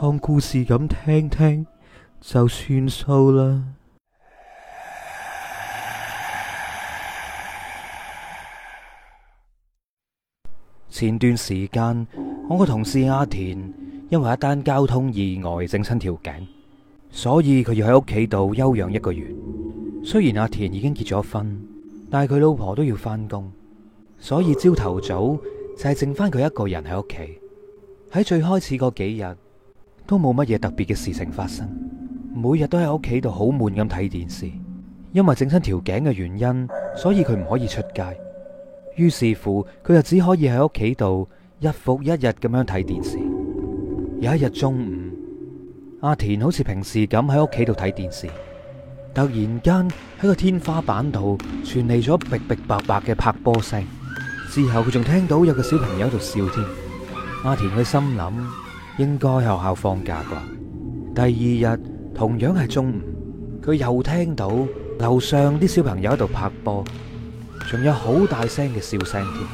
當故事咁聽聽就算數啦。前段時間，我個同事阿田因為一單交通意外整親條頸，所以佢要喺屋企度休養一個月。雖然阿田已經結咗婚，但係佢老婆都要翻工，所以朝頭早就係剩翻佢一個人喺屋企。喺最開始嗰幾日。都冇乜嘢特別嘅事情發生，每日都喺屋企度好悶咁睇電視。因為整親條頸嘅原因，所以佢唔可以出街。於是乎，佢就只可以喺屋企度一復一日咁樣睇電視。有一日中午，阿田好似平時咁喺屋企度睇電視，突然間喺個天花板度傳嚟咗逼逼白白嘅拍波聲，之後佢仲聽到有個小朋友喺度笑添。阿田嘅心諗。應該學校放假啩？第二日同樣係中午，佢又聽到樓上啲小朋友喺度拍波，仲有好大聲嘅笑聲添。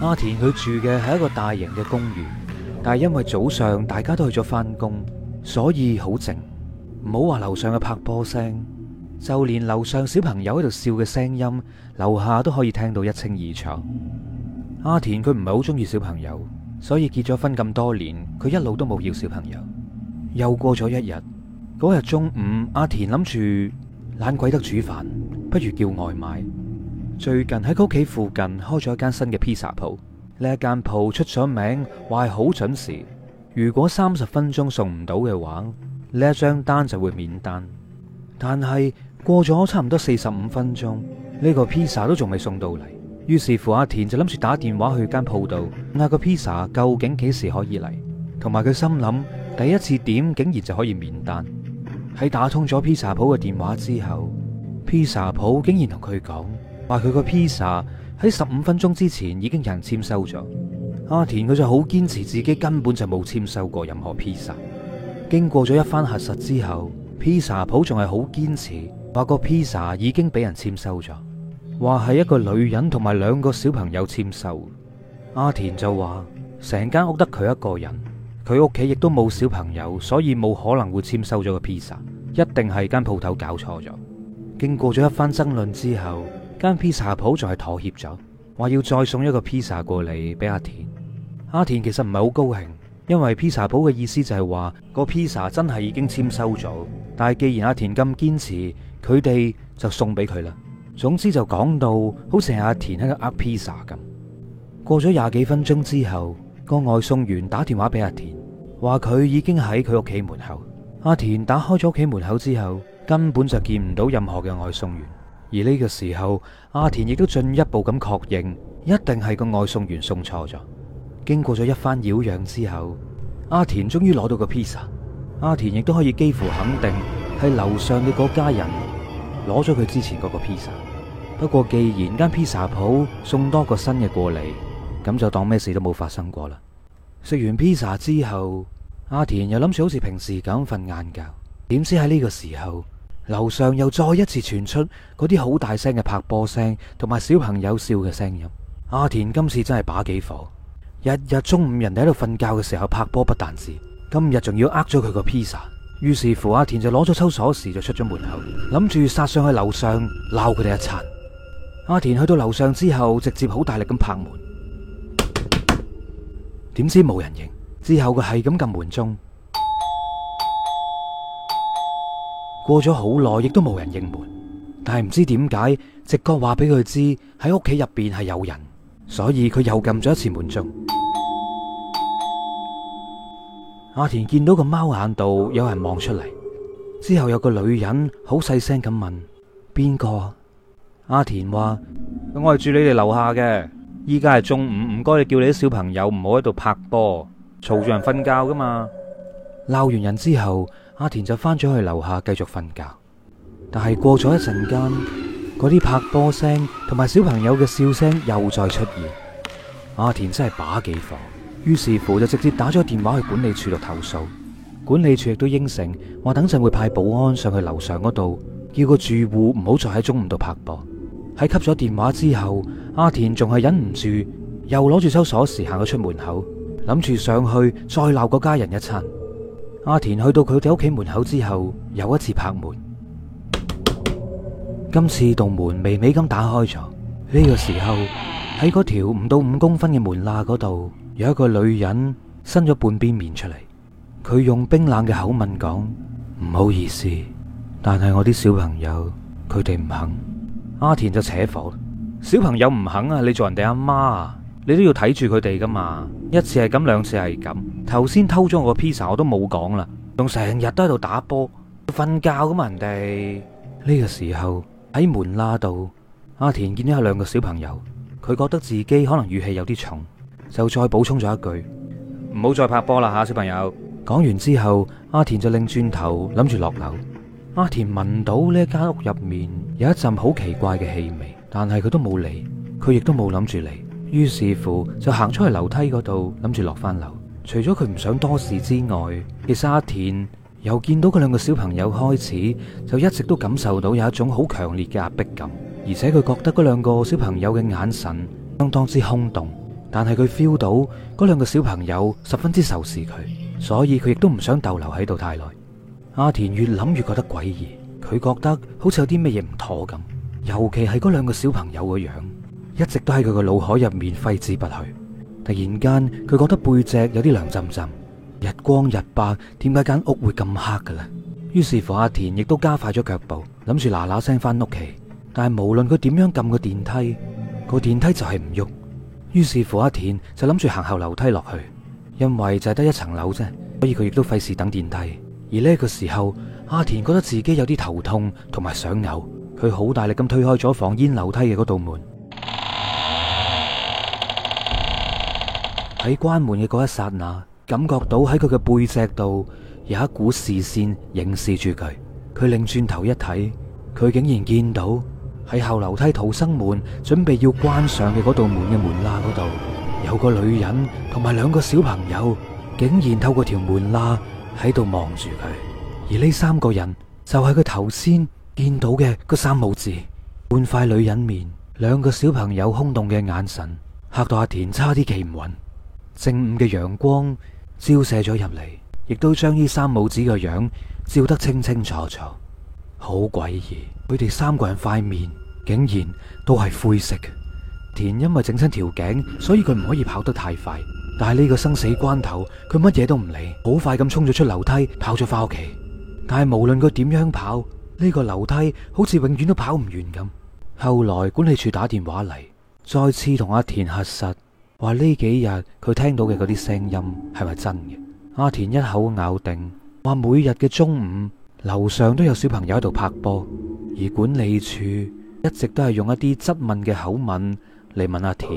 阿田佢住嘅係一個大型嘅公寓，但係因為早上大家都去咗翻工，所以好靜。唔好話樓上嘅拍波聲，就連樓上小朋友喺度笑嘅聲音，樓下都可以聽到一清二楚。阿田佢唔係好中意小朋友。所以結咗婚咁多年，佢一路都冇要小朋友。又過咗一日，嗰日中午，阿田諗住懶鬼得煮飯，不如叫外賣。最近喺佢屋企附近開咗一間新嘅披薩鋪，呢一間鋪出咗名，話係好準時。如果三十分鐘送唔到嘅話，呢一張單就會免單。但係過咗差唔多四十五分鐘，呢個披薩都仲未送到嚟。於是乎，阿田就諗住打電話去間鋪度問下個披薩究竟幾時可以嚟，同埋佢心諗第一次點竟然就可以免單。喺打通咗披薩鋪嘅電話之後，披薩鋪竟然同佢講話佢個披薩喺十五分鐘之前已經有人簽收咗。阿田佢就好堅持自己根本就冇簽收過任何披薩。經過咗一番核實之後，披薩鋪仲係好堅持話個披薩已經俾人簽收咗。話係一個女人同埋兩個小朋友簽收，阿田就話成間屋得佢一個人，佢屋企亦都冇小朋友，所以冇可能會簽收咗個披薩，一定係間鋪頭搞錯咗。經過咗一番爭論之後，間披薩鋪就係妥協咗，話要再送一個披薩過嚟俾阿田。阿田其實唔係好高興，因為披薩鋪嘅意思就係話個披薩真係已經簽收咗，但係既然阿田咁堅持，佢哋就送俾佢啦。總之就講到，好似阿田喺度乞披薩咁。過咗廿幾分鐘之後，個外送員打電話俾阿田，話佢已經喺佢屋企門口。阿田打開咗屋企門口之後，根本就見唔到任何嘅外送員。而呢個時候，阿田亦都進一步咁確認，一定係個外送員送錯咗。經過咗一番擾攘之後，阿田終於攞到個披薩。阿田亦都可以幾乎肯定，係樓上嘅嗰家人攞咗佢之前嗰個披薩。不過既然間披薩鋪送多個新嘅過嚟，咁就當咩事都冇發生過啦。食完披薩之後，阿田又諗住好似平時咁瞓晏覺。點知喺呢個時候，樓上又再一次傳出嗰啲好大聲嘅拍波聲同埋小朋友笑嘅聲音。阿田今次真係把幾火，日日中午人哋喺度瞓覺嘅時候拍波，不但止，今日仲要呃咗佢個披薩。於是乎，阿田就攞咗抽鎖匙就出咗門口，諗住殺上去樓上鬧佢哋一餐。阿田去到樓上之後，直接好大力咁拍門，點知冇人應。之後佢係咁撳門鐘，過咗好耐，亦都冇人應門。但係唔知點解，直覺話俾佢知喺屋企入邊係有人，所以佢又撳咗一次門鐘。阿田見到個貓眼度有人望出嚟，之後有個女人好細聲咁問：邊個？阿田話：我係住你哋樓下嘅，依家係中午，唔該你叫你啲小朋友唔好喺度拍波，嘈住人瞓覺噶嘛。鬧完人之後，阿田就翻咗去樓下繼續瞓覺。但係過咗一陣間，嗰啲拍波聲同埋小朋友嘅笑聲又再出現。阿田真係把幾火，於是乎就直接打咗電話去管理處度投訴。管理處亦都應承，話等陣會派保安上去樓上嗰度，叫個住戶唔好再喺中午度拍波。喺吸咗電話之後，阿田仲係忍唔住，又攞住收鎖匙行咗出門口，諗住上去再鬧嗰家人一餐。阿田去到佢哋屋企門口之後，又一次拍門， 今次道門微微咁打開咗。呢、這個時候喺嗰條唔到五公分嘅門罅嗰度，有一個女人伸咗半邊面出嚟。佢用冰冷嘅口吻講：唔 好意思，但係我啲小朋友佢哋唔肯。阿田就扯火，小朋友唔肯啊！你做人哋阿媽啊，你都要睇住佢哋噶嘛！一次係咁，兩次係咁。頭先偷咗我個披薩，我都冇講啦，仲成日都喺度打波，瞓覺噶嘛？人哋。呢個時候喺門罅度，阿田見到係兩個小朋友，佢覺得自己可能語氣有啲重，就再補充咗一句：唔好再拍波啦吓，小朋友。講完之後，阿田就擰轉頭諗住落樓。阿田聞到呢間屋入面有一陣好奇怪嘅氣味，但係佢都冇嚟，佢亦都冇諗住嚟，於是乎就行出去樓梯嗰度諗住落翻樓。除咗佢唔想多事之外，其實阿田由見到嗰兩個小朋友開始，就一直都感受到有一種好強烈嘅壓迫感，而且佢覺得嗰兩個小朋友嘅眼神相當之空洞，但係佢 feel 到嗰兩個小朋友十分之仇視佢，所以佢亦都唔想逗留喺度太耐。阿田越諗越覺得詭異，佢覺得好似有啲咩嘢唔妥咁，尤其係嗰兩個小朋友個樣，一直都喺佢個腦海入面揮之不去。突然間，佢覺得背脊有啲涼浸浸。日光日白，點解間屋會咁黑嘅咧？於是乎，阿田亦都加快咗腳步，諗住嗱嗱聲翻屋企。但係無論佢點樣撳個電梯，個電梯就係唔喐。於是乎，阿田就諗住行後樓梯落去，因為就係得一層樓啫，所以佢亦都費事等電梯。而呢個時候，阿田覺得自己有啲頭痛同埋想嘔，佢好大力咁推開咗防煙樓梯嘅嗰道門。喺 關門嘅嗰一剎那，感覺到喺佢嘅背脊度有一股視線凝視住佢。佢擰轉頭一睇，佢竟然見到喺後樓梯逃生門準備要關上嘅嗰道門嘅門罅。嗰度，有個女人同埋兩個小朋友，竟然透過條門罅，喺度望住佢，而呢三個人就係佢頭先見到嘅個三母子。半塊女人面，兩個小朋友空洞嘅眼神，嚇到阿田差啲企唔穩。正午嘅陽光照射咗入嚟，亦都將呢三母子嘅樣子照得清清楚楚，好詭異。佢哋三個人塊面竟然都係灰色嘅。田因為整親條頸，所以佢唔可以跑得太快。但係呢個生死關頭，佢乜嘢都唔理，好快咁衝咗出樓梯，跑咗翻屋企。但係無論佢點樣跑，呢個樓梯好似永遠都跑唔完咁。後來管理處打電話嚟，再次同阿田核實，話呢幾日佢聽到嘅嗰啲聲音係咪真嘅？阿田一口咬定，話每日嘅中午樓上都有小朋友喺度拍波，而管理處一直都係用一啲質問嘅口吻嚟問阿田。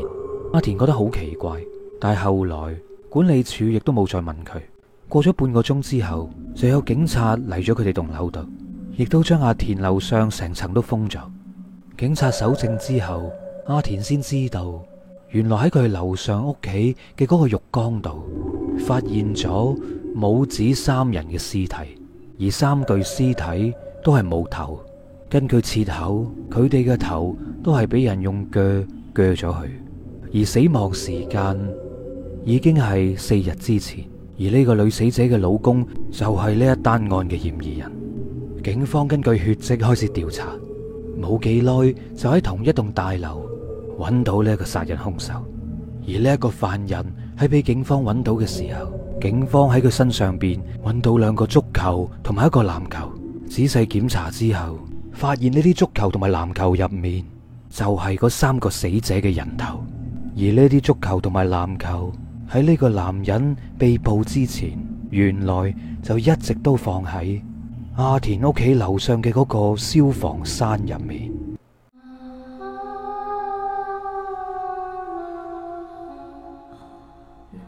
阿田覺得好奇怪。但係後來管理處亦都冇再問佢。過咗半個鐘之後，就有警察嚟咗佢哋棟樓度，亦都將阿田樓上成層都封咗。警察搜證之後，阿田先知道原來喺佢樓上屋企嘅嗰個浴缸度，發現咗母子三人嘅屍體。而三具屍體都係冇頭，根據切口，佢哋嘅頭都係俾人用鋸鋸咗去，而死亡時間。已經係四日之前，而呢個女死者嘅老公就係呢一單案嘅嫌疑人。警方根據血迹開始調查，冇幾耐就喺同一棟大樓揾到呢一個殺人兇手。而呢一個犯人喺俾警方揾到嘅時候，警方喺佢身上邊揾到兩個足球同埋一個籃球。仔細檢查之後，發現呢啲足球同埋籃球入面就係嗰三個死者嘅人頭。而呢啲足球同埋籃球。喺呢個男人被捕之前，原來就一直都放喺阿田屋企樓上嘅嗰個消防山入面。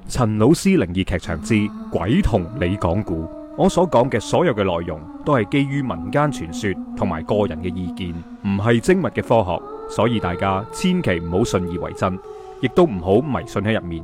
陳老師靈異劇場之鬼同你講故，我所講嘅所有嘅內容都係基於民間傳說同埋個人嘅意見，唔係精密嘅科學，所以大家千祈唔好信以為真，亦都唔好迷信喺入面。